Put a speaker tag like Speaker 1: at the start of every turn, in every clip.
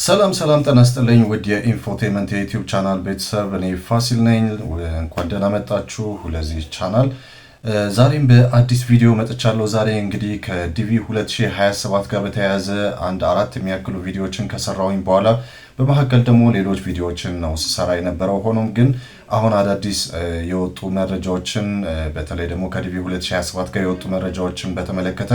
Speaker 1: ሰላም ሰላም ጤና ይስጥልኝ ውድ የኢንፎቴመንት የዩቲዩብ ቻናል ቤተሰብ እኔ ፋሲል ነኝ። እንኳን ደህና መጣችሁ ለዚህ ቻናል። ዛሬም በአዲስ ቪዲዮ መጥቻለሁ። ዛሬ እንግዲህ ከዲቪ 2027 ጋር በተያያዘ አንድ አራት የሚያክሉ ቪዲዮዎችን ከሰራውኝ በኋላ በመካከል ደግሞ ሌሎች ቪዲዮዎችን ነው ስሰራ የነበረው። ሆኖም ግን አሁን አዳዲስ የወጡ መረጃዎችን በተለይ ደግሞ ከዲቪ 2027 ጋር የወጡ መረጃዎችን በተመለከተ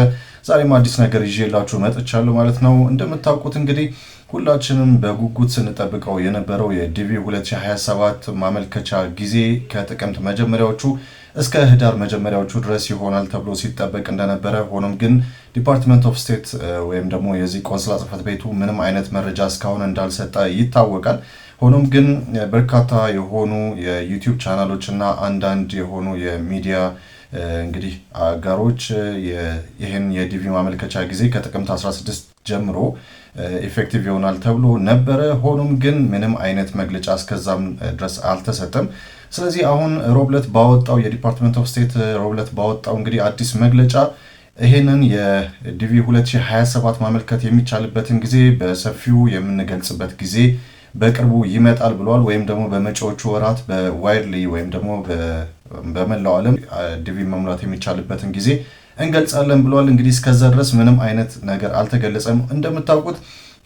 Speaker 1: ዛሬም አዲስ ነገር ይዤላችሁ መጥቻለሁ ማለት ነው። እንደምታውቁት እንግዲህ ሁላችንም በጉጉት ስንጠብቀው የነበረው የዲቪ 2027 ማመልከቻ ጊዜ ከጥቅምት መጀመሪያዎቹ እስከ ህዳር መጀመሪያዎቹ ድረስ ይሆናል ተብሎ ሲጠበቅ እንደነበረ፣ ሆኖም ግን ዲፓርትመንት ኦፍ ስቴት ወይም ደግሞ የዚህ ቆንስላ ጽፈት ቤቱ ምንም አይነት መረጃ እስካሁን እንዳልሰጠ ይታወቃል። ሆኖም ግን በርካታ የሆኑ የዩቲዩብ ቻናሎች እና አንዳንድ የሆኑ የሚዲያ እንግዲህ አጋሮች ይህን የዲቪ ማመልከቻ ጊዜ ከጥቅምት 16 ጀምሮ ኢፌክቲቭ ይሆናል ተብሎ ነበረ። ሆኖም ግን ምንም አይነት መግለጫ እስከዛም ድረስ አልተሰጠም። ስለዚህ አሁን ሮብለት ባወጣው የዲፓርትመንት ኦፍ ስቴት ሮብለት ባወጣው እንግዲህ አዲስ መግለጫ ይህንን የዲቪ 2027 ማመልከት የሚቻልበትን ጊዜ በሰፊው የምንገልጽበት ጊዜ በቅርቡ ይመጣል ብለዋል። ወይም ደግሞ በመጪዎቹ ወራት በዋይድሊ ወይም ደግሞ በመላው ዓለም ዲቪ መሙላት የሚቻልበትን ጊዜ እንገልጻለን ብለዋል። እንግዲህ እስከዛ ድረስ ምንም አይነት ነገር አልተገለጸም። እንደምታውቁት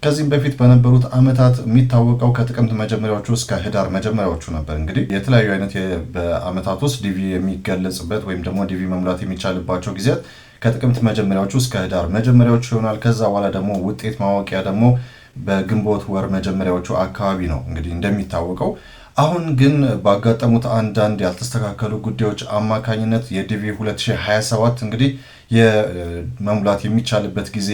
Speaker 1: ከዚህም በፊት በነበሩት ዓመታት የሚታወቀው ከጥቅምት መጀመሪያዎቹ እስከ ህዳር መጀመሪያዎቹ ነበር። እንግዲህ የተለያዩ አይነት በዓመታት ውስጥ ዲቪ የሚገለጽበት ወይም ደግሞ ዲቪ መሙላት የሚቻልባቸው ጊዜያት ከጥቅምት መጀመሪያዎቹ እስከ ህዳር መጀመሪያዎቹ ይሆናል። ከዛ በኋላ ደግሞ ውጤት ማወቂያ ደግሞ በግንቦት ወር መጀመሪያዎቹ አካባቢ ነው እንግዲህ እንደሚታወቀው አሁን ግን ባጋጠሙት አንዳንድ ያልተስተካከሉ ጉዳዮች አማካኝነት የዲቪ 2027 እንግዲህ የመሙላት የሚቻልበት ጊዜ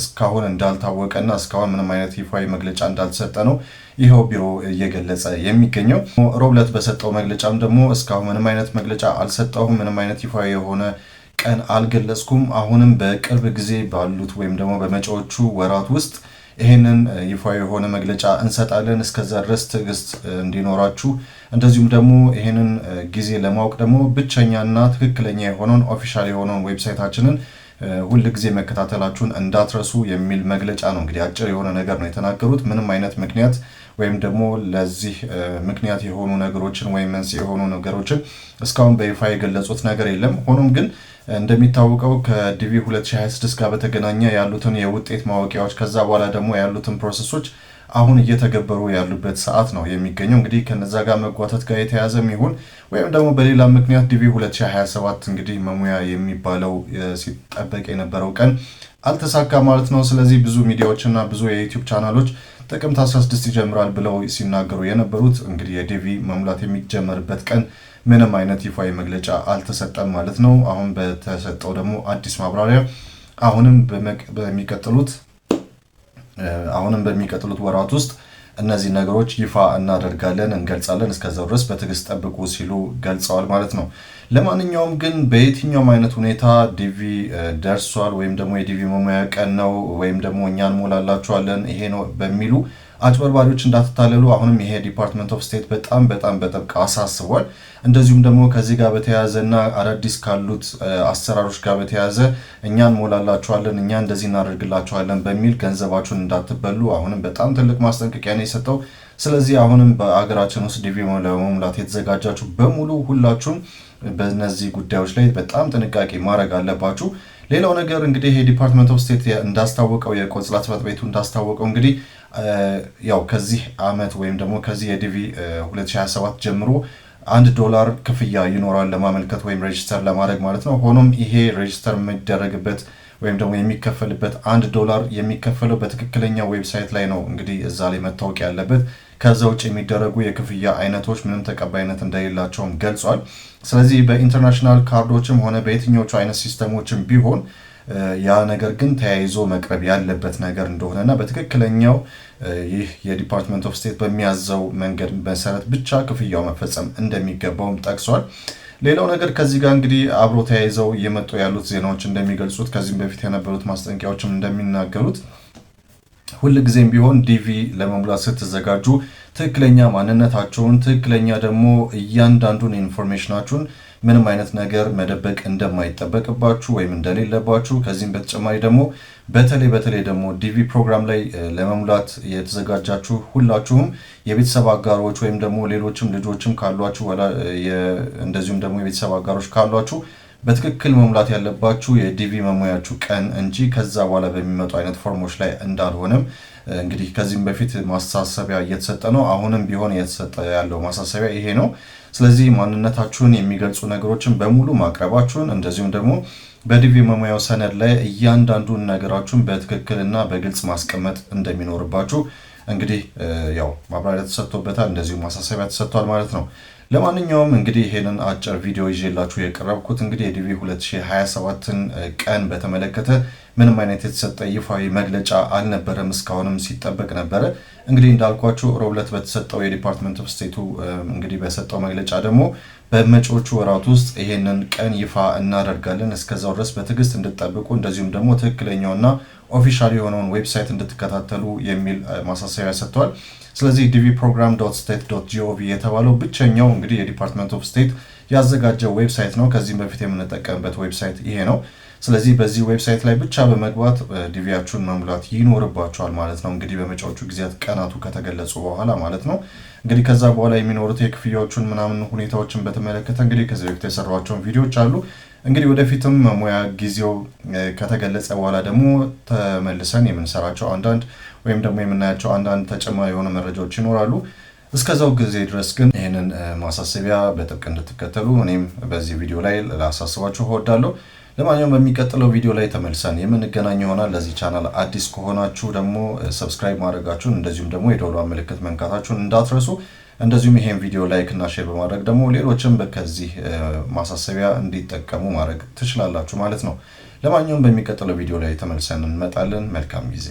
Speaker 1: እስካሁን እንዳልታወቀና እስካሁን ምንም አይነት ይፋዊ መግለጫ እንዳልተሰጠ ነው ይኸው ቢሮ እየገለጸ የሚገኘው። ሮብለት በሰጠው መግለጫም ደግሞ እስካሁን ምንም አይነት መግለጫ አልሰጠሁም፣ ምንም አይነት ይፋዊ የሆነ ቀን አልገለጽኩም። አሁንም በቅርብ ጊዜ ባሉት ወይም ደግሞ በመጪዎቹ ወራት ውስጥ ይህንን ይፋ የሆነ መግለጫ እንሰጣለን። እስከዛ ድረስ ትዕግስት እንዲኖራችሁ እንደዚሁም ደግሞ ይህንን ጊዜ ለማወቅ ደግሞ ብቸኛና ትክክለኛ የሆነውን ኦፊሻል የሆነውን ዌብሳይታችንን ሁል ጊዜ መከታተላችሁን እንዳትረሱ የሚል መግለጫ ነው። እንግዲህ አጭር የሆነ ነገር ነው የተናገሩት። ምንም አይነት ምክንያት ወይም ደግሞ ለዚህ ምክንያት የሆኑ ነገሮችን ወይም መንስኤ የሆኑ ነገሮችን እስካሁን በይፋ የገለጹት ነገር የለም። ሆኖም ግን እንደሚታወቀው ከዲቪ 2026 ጋር በተገናኘ ያሉትን የውጤት ማወቂያዎች ከዛ በኋላ ደግሞ ያሉትን ፕሮሰሶች አሁን እየተገበሩ ያሉበት ሰዓት ነው የሚገኘው። እንግዲህ ከነዛ ጋር መጓተት ጋር የተያዘም ይሁን ወይም ደግሞ በሌላ ምክንያት ዲቪ 2027 እንግዲህ መሙያ የሚባለው ሲጠበቅ የነበረው ቀን አልተሳካ ማለት ነው። ስለዚህ ብዙ ሚዲያዎችና ብዙ የዩቲዩብ ቻናሎች ጥቅምት 16 ይጀምራል ብለው ሲናገሩ የነበሩት እንግዲህ የዴቪ መሙላት የሚጀመርበት ቀን ምንም አይነት ይፋዊ መግለጫ አልተሰጠም ማለት ነው። አሁን በተሰጠው ደግሞ አዲስ ማብራሪያ አሁንም በሚቀጥሉት አሁንም በሚቀጥሉት ወራት ውስጥ እነዚህ ነገሮች ይፋ እናደርጋለን፣ እንገልጻለን። እስከዛው ድረስ በትዕግስት ጠብቁ ሲሉ ገልጸዋል ማለት ነው። ለማንኛውም ግን በየትኛውም አይነት ሁኔታ ዲቪ ደርሷል ወይም ደግሞ የዲቪ መሙያ ቀን ነው ወይም ደግሞ እኛ እንሞላላችኋለን ይሄ ነው በሚሉ አጭበርባሪዎች እንዳትታለሉ አሁንም ይሄ ዲፓርትመንት ኦፍ ስቴት በጣም በጣም በጥብቅ አሳስቧል። እንደዚሁም ደግሞ ከዚህ ጋር እና አዳዲስ ካሉት አሰራሮች ጋር በተያያዘ እኛ እንሞላላችኋለን፣ እኛ እንደዚህ እናደርግላችኋለን በሚል ገንዘባችሁን እንዳትበሉ አሁንም በጣም ትልቅ ማስጠንቀቂያ ነው የሰጠው። ስለዚህ አሁንም በአገራችን ውስጥ ዲቪ ለመሙላት የተዘጋጃችሁ በሙሉ ሁላችሁም በእነዚህ ጉዳዮች ላይ በጣም ጥንቃቄ ማድረግ አለባችሁ። ሌላው ነገር እንግዲህ ይሄ ዲፓርትመንት ኦፍ ስቴት እንዳስታወቀው የቆንስላ ጽሕፈት ቤቱ እንዳስታወቀው እንግዲህ ያው ከዚህ አመት ወይም ደግሞ ከዚህ የዲቪ 2027 ጀምሮ አንድ ዶላር ክፍያ ይኖራል ለማመልከት ወይም ሬጅስተር ለማድረግ ማለት ነው። ሆኖም ይሄ ሬጅስተር የሚደረግበት ወይም ደግሞ የሚከፈልበት አንድ ዶላር የሚከፈለው በትክክለኛ ዌብሳይት ላይ ነው። እንግዲህ እዛ ላይ መታወቅ ያለበት ከዛ ውጭ የሚደረጉ የክፍያ አይነቶች ምንም ተቀባይነት እንደሌላቸውም ገልጿል። ስለዚህ በኢንተርናሽናል ካርዶችም ሆነ በየትኞቹ አይነት ሲስተሞችም ቢሆን ያ ነገር ግን ተያይዞ መቅረብ ያለበት ነገር እንደሆነና በትክክለኛው ይህ የዲፓርትመንት ኦፍ ስቴት በሚያዘው መንገድ መሰረት ብቻ ክፍያው መፈጸም እንደሚገባውም ጠቅሷል። ሌላው ነገር ከዚህ ጋር እንግዲህ አብሮ ተያይዘው እየመጡ ያሉት ዜናዎች እንደሚገልጹት ከዚህም በፊት የነበሩት ማስጠንቀቂያዎችም እንደሚናገሩት ጊዜም ቢሆን ዲቪ ለመሙላት ስትዘጋጁ ትክክለኛ ማንነታቸውን ትክክለኛ ደግሞ እያንዳንዱን ኢንፎርሜሽናችሁን ምንም አይነት ነገር መደበቅ እንደማይጠበቅባችሁ ወይም እንደሌለባችሁ ከዚህም በተጨማሪ ደግሞ በተለይ በተለይ ደግሞ ዲቪ ፕሮግራም ላይ ለመሙላት የተዘጋጃችሁ ሁላችሁም የቤተሰብ አጋሮች ወይም ደግሞ ሌሎችም ልጆችም ካሏችሁ እንደዚሁም ደግሞ የቤተሰብ አጋሮች ካሏችሁ በትክክል መሙላት ያለባችሁ የዲቪ መሙያችሁ ቀን እንጂ ከዛ በኋላ በሚመጡ አይነት ፎርሞች ላይ እንዳልሆነም እንግዲህ ከዚህም በፊት ማሳሰቢያ እየተሰጠ ነው። አሁንም ቢሆን እየተሰጠ ያለው ማሳሰቢያ ይሄ ነው። ስለዚህ ማንነታችሁን የሚገልጹ ነገሮችን በሙሉ ማቅረባችሁን እንደዚሁም ደግሞ በዲቪ መሙያው ሰነድ ላይ እያንዳንዱን ነገራችሁን በትክክልና በግልጽ ማስቀመጥ እንደሚኖርባችሁ እንግዲህ ያው ማብራሪያ ተሰጥቶበታል፣ እንደዚሁ ማሳሰቢያ ተሰጥቷል ማለት ነው። ለማንኛውም እንግዲህ ይሄንን አጭር ቪዲዮ ይዤላችሁ የቀረብኩት እንግዲህ የዲቪ 2027ን ቀን በተመለከተ ምንም አይነት የተሰጠ ይፋዊ መግለጫ አልነበረም። እስካሁንም ሲጠበቅ ነበረ። እንግዲህ እንዳልኳችሁ ሮብለት በተሰጠው የዲፓርትመንት ኦፍ ስቴቱ እንግዲህ በሰጠው መግለጫ ደግሞ በመጪዎቹ ወራት ውስጥ ይሄንን ቀን ይፋ እናደርጋለን፣ እስከዛው ድረስ በትዕግስት እንድጠብቁ እንደዚሁም ደግሞ ትክክለኛውና ኦፊሻል የሆነውን ዌብሳይት እንድትከታተሉ የሚል ማሳሰቢያ ሰጥቷል። ስለዚህ ዲቪ ፕሮግራም ዶት ስቴት ዶት ጂኦቪ የተባለው ብቸኛው እንግዲህ የዲፓርትመንት ኦፍ ስቴት ያዘጋጀው ዌብሳይት ነው። ከዚህም በፊት የምንጠቀምበት ዌብሳይት ይሄ ነው። ስለዚህ በዚህ ዌብሳይት ላይ ብቻ በመግባት ዲቪያችሁን መሙላት ይኖርባችኋል ማለት ነው። እንግዲህ በመጫዎቹ ጊዜያት ቀናቱ ከተገለጹ በኋላ ማለት ነው። እንግዲህ ከዛ በኋላ የሚኖሩት የክፍያዎቹን ምናምን ሁኔታዎችን በተመለከተ እንግዲህ ከዚህ በፊት የሰሯቸውን ቪዲዮዎች አሉ። እንግዲህ ወደፊትም መሙያ ጊዜው ከተገለጸ በኋላ ደግሞ ተመልሰን የምንሰራቸው አንዳንድ ወይም ደግሞ የምናያቸው አንዳንድ ተጨማሪ የሆነ መረጃዎች ይኖራሉ። እስከዛው ጊዜ ድረስ ግን ይህንን ማሳሰቢያ በጥብቅ እንድትከተሉ እኔም በዚህ ቪዲዮ ላይ ላሳስባችሁ እወዳለሁ። ለማንኛውም በሚቀጥለው ቪዲዮ ላይ ተመልሰን የምንገናኝ ይሆናል። ለዚህ ቻናል አዲስ ከሆናችሁ ደግሞ ሰብስክራይብ ማድረጋችሁን እንደዚሁም ደግሞ የደወሏን ምልክት መንካታችሁን እንዳትረሱ። እንደዚሁም ይሄን ቪዲዮ ላይክ እና ሼር በማድረግ ደግሞ ሌሎችም ከዚህ ማሳሰቢያ እንዲጠቀሙ ማድረግ ትችላላችሁ ማለት ነው። ለማንኛውም በሚቀጥለው ቪዲዮ ላይ ተመልሰን እንመጣለን። መልካም ጊዜ